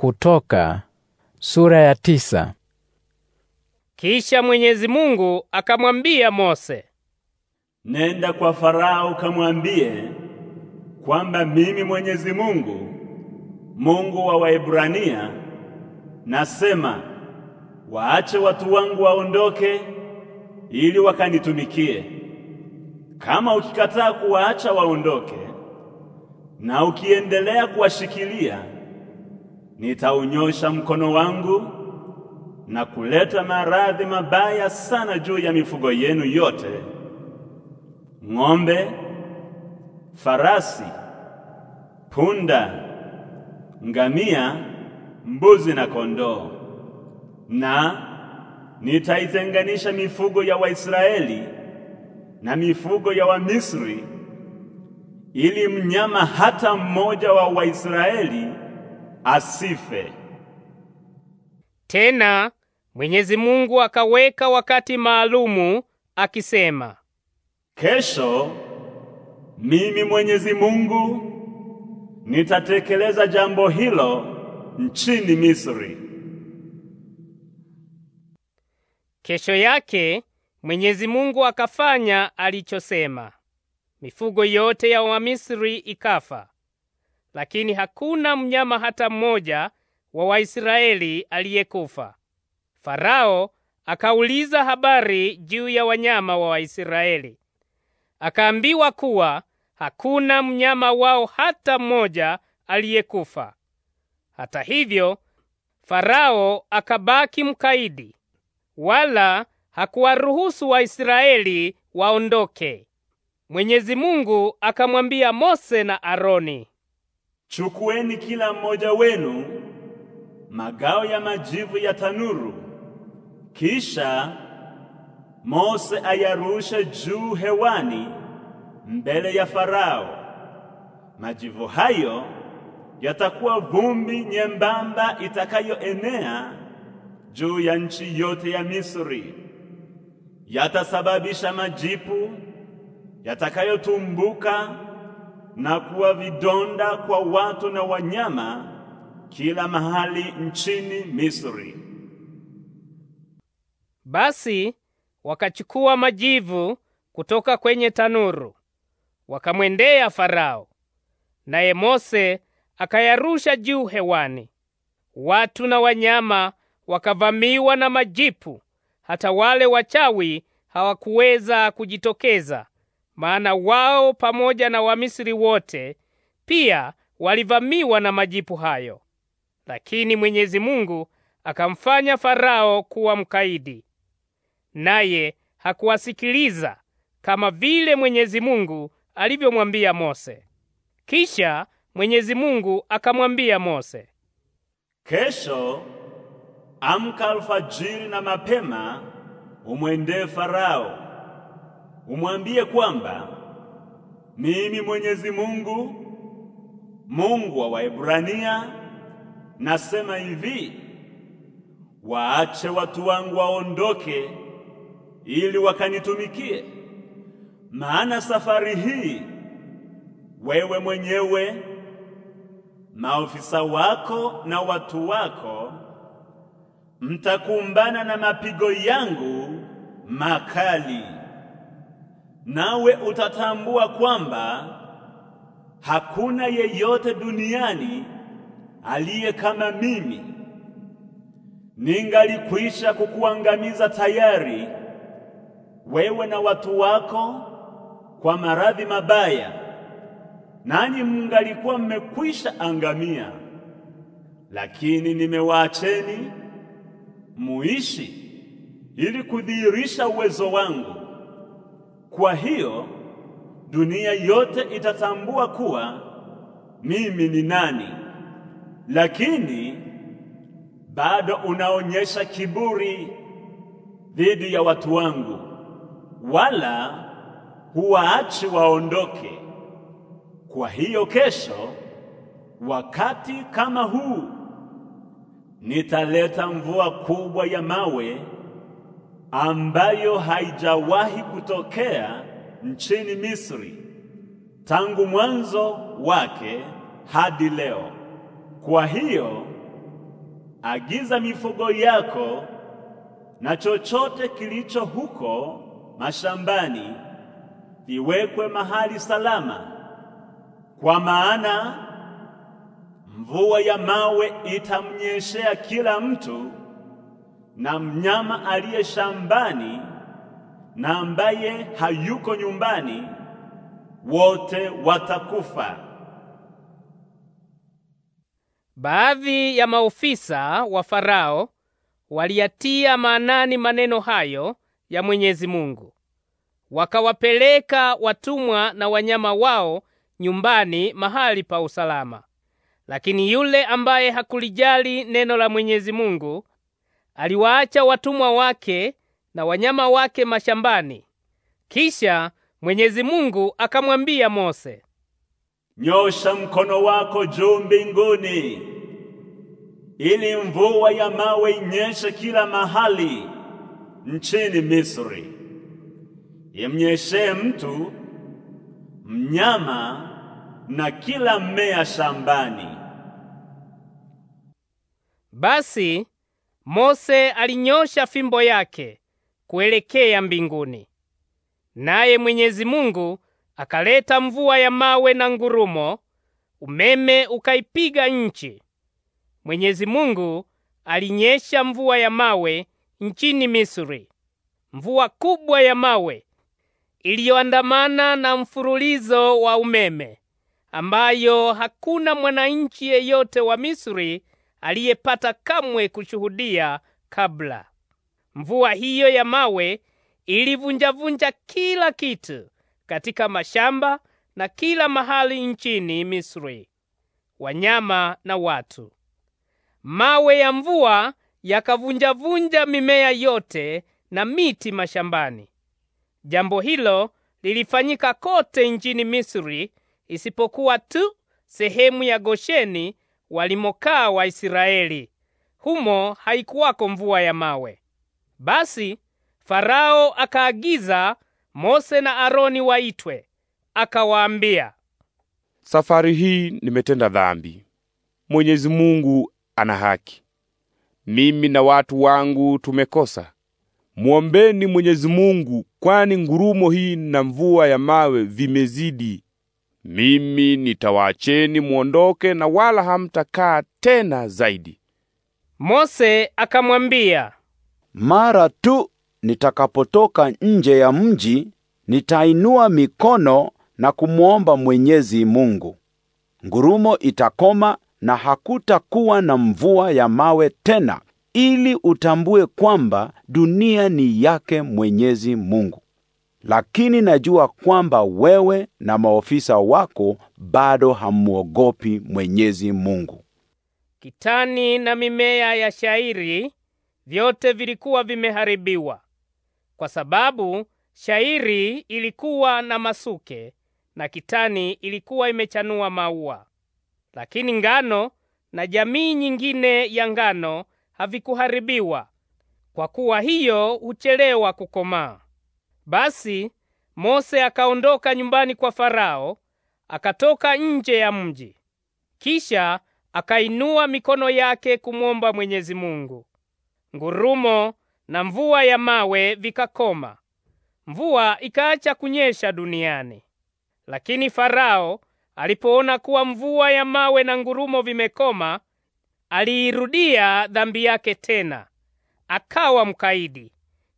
Kutoka sura ya tisa. Kisha Mwenyezi Mungu akamwambia Mose, Nenda kwa Farao kamwambie kwamba mimi Mwenyezi Mungu, Mungu wa Waebrania, nasema waache watu wangu waondoke ili wakanitumikie. Kama ukikataa kuwaacha waondoke na ukiendelea kuwashikilia nitaunyosha mkono wangu na kuleta maradhi mabaya sana juu ya mifugo yenu yote, ng'ombe, farasi, punda, ngamia, mbuzi na kondoo. Na nitaitenganisha mifugo ya Waisraeli na mifugo ya Wamisri, ili mnyama hata mmoja wa Waisraeli asife. Tena Mwenyezi Mungu akaweka wakati maalumu akisema, kesho mimi Mwenyezi Mungu nitatekeleza jambo hilo nchini Misri. Kesho yake Mwenyezi Mungu akafanya alichosema. Mifugo yote ya Wamisri ikafa lakini hakuna mnyama hata mmoja wa Waisraeli aliyekufa. Farao akauliza habari juu ya wanyama wa Waisraeli, akaambiwa kuwa hakuna mnyama wao hata mmoja aliyekufa. Hata hivyo, Farao akabaki mkaidi, wala hakuwaruhusu Waisraeli waondoke. Mwenyezi Mungu akamwambia Mose na Aroni, Chukueni kila mmoja wenu magao ya majivu ya tanuru, kisha Mose ayarushe juu hewani mbele ya Farao. Majivu hayo yatakuwa vumbi nyembamba itakayoenea juu ya nchi yote ya Misri. Yatasababisha majipu yatakayotumbuka na kuwa vidonda kwa watu na wanyama kila mahali nchini Misri. Basi wakachukua majivu kutoka kwenye tanuru wakamwendea Farao, naye Mose akayarusha juu hewani. Watu na wanyama wakavamiwa na majipu, hata wale wachawi hawakuweza kujitokeza maana wao pamoja na Wamisri wote pia walivamiwa na majipu hayo. Lakini Mwenyezi Mungu akamfanya Farao kuwa mkaidi, naye hakuwasikiliza kama vile Mwenyezi Mungu alivyomwambia Mose. Kisha Mwenyezi Mungu akamwambia Mose, kesho amka alfajiri na mapema umwendee Farao umwambie kwamba mimi Mwenyezi Mungu, Mungu wa Waebrania, nasema hivi: waache watu wangu waondoke ili wakanitumikie, maana safari hii wewe mwenyewe, maofisa wako na watu wako mtakumbana na mapigo yangu makali nawe utatambua kwamba hakuna yeyote duniani aliye kama mimi. Ningalikwisha kukuangamiza tayari wewe na watu wako kwa maradhi mabaya, nanyi mungalikuwa mmekwisha angamia. Lakini nimewaacheni muishi ili kudhihirisha uwezo wangu kwa hiyo dunia yote itatambua kuwa mimi ni nani, lakini bado unaonyesha kiburi dhidi ya watu wangu, wala huwaachi waondoke. Kwa hiyo kesho, wakati kama huu, nitaleta mvua kubwa ya mawe ambayo haijawahi kutokea nchini Misri tangu mwanzo wake hadi leo. Kwa hiyo agiza mifugo yako na chochote kilicho huko mashambani viwekwe mahali salama, kwa maana mvua ya mawe itamnyeshea kila mtu na mnyama aliye shambani na ambaye hayuko nyumbani wote watakufa. Baadhi ya maofisa wa Farao waliyatia maanani maneno hayo ya Mwenyezi Mungu, wakawapeleka watumwa na wanyama wao nyumbani mahali pa usalama. Lakini yule ambaye hakulijali neno la Mwenyezi Mungu aliwaacha watumwa wake na wanyama wake mashambani. Kisha Mwenyezi Mungu akamwambia Mose, nyosha mkono wako juu mbinguni ili mvua ya mawe inyeshe kila mahali nchini Misri, imnyeshee mtu, mnyama na kila mmea shambani. Basi Mose alinyosha fimbo yake kuelekea mbinguni, naye Mwenyezi Mungu akaleta mvua ya mawe na ngurumo, umeme ukaipiga nchi. Mwenyezi Mungu alinyesha mvua ya mawe nchini Misri, mvua kubwa ya mawe iliyoandamana na mfululizo wa umeme, ambayo hakuna mwananchi yeyote wa Misri aliyepata kamwe kushuhudia kabla. Mvua hiyo ya mawe ilivunjavunja kila kitu katika mashamba na kila mahali nchini Misri, wanyama na watu. Mawe ya mvua yakavunjavunja mimea yote na miti mashambani. Jambo hilo lilifanyika kote nchini Misri isipokuwa tu sehemu ya Gosheni walimokaa Waisraeli. Humo haikuwako mvua ya mawe. Basi Farao akaagiza Mose na Aroni waitwe, akawaambia, safari hii nimetenda dhambi. Mwenyezi Mungu ana haki, mimi na watu wangu tumekosa. Muombeni Mwenyezi Mungu, kwani ngurumo hii na mvua ya mawe vimezidi mimi nitawaacheni mwondoke, na wala hamtakaa tena zaidi. Mose akamwambia, mara tu nitakapotoka nje ya mji nitainua mikono na kumwomba Mwenyezi Mungu, ngurumo itakoma na hakutakuwa na mvua ya mawe tena, ili utambue kwamba dunia ni yake Mwenyezi Mungu lakini najua kwamba wewe na maofisa wako bado hamwogopi Mwenyezi Mungu. Kitani na mimea ya shairi vyote vilikuwa vimeharibiwa kwa sababu shairi ilikuwa na masuke na kitani ilikuwa imechanua maua, lakini ngano na jamii nyingine ya ngano havikuharibiwa, kwa kuwa hiyo huchelewa kukomaa. Basi Mose akaondoka nyumbani kwa Farao, akatoka nje ya mji. Kisha akainua mikono yake kumwomba Mwenyezi Mungu. Ngurumo na mvua ya mawe vikakoma. Mvua ikaacha kunyesha duniani. Lakini Farao alipoona kuwa mvua ya mawe na ngurumo vimekoma, aliirudia dhambi yake tena, akawa mkaidi.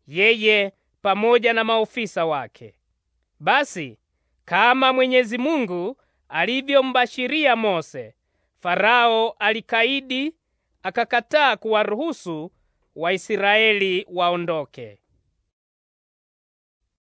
Yeye pamoja na maofisa wake. Basi kama Mwenyezi Mungu alivyombashiria Mose, Farao alikaidi akakataa kuwaruhusu Waisraeli waondoke.